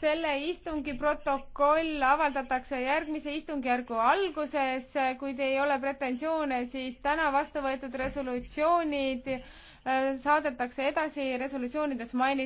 selle istungi protokoll avaldatakse järgmise istungjärgu alguses, kui ei ole pretensioone, siis täna vastu võetud resolutsioonid äh, saadetakse edasi resolutsioonides mainitud